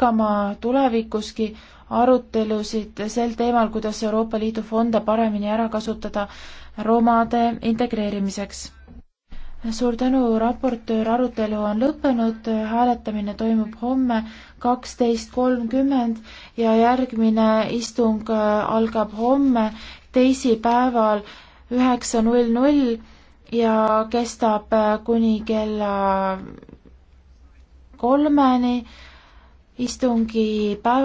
jätkama tulevikuski arutelusid sel teemal, kuidas Euroopa Liidu fonde paremini ära kasutada romade integreerimiseks. suur tänu, raportöör, arutelu on lõppenud, hääletamine toimub homme kaksteist kolmkümmend ja järgmine istung äh, algab homme teisipäeval üheksa null null ja kestab äh, kuni kella kolmeni istungi päev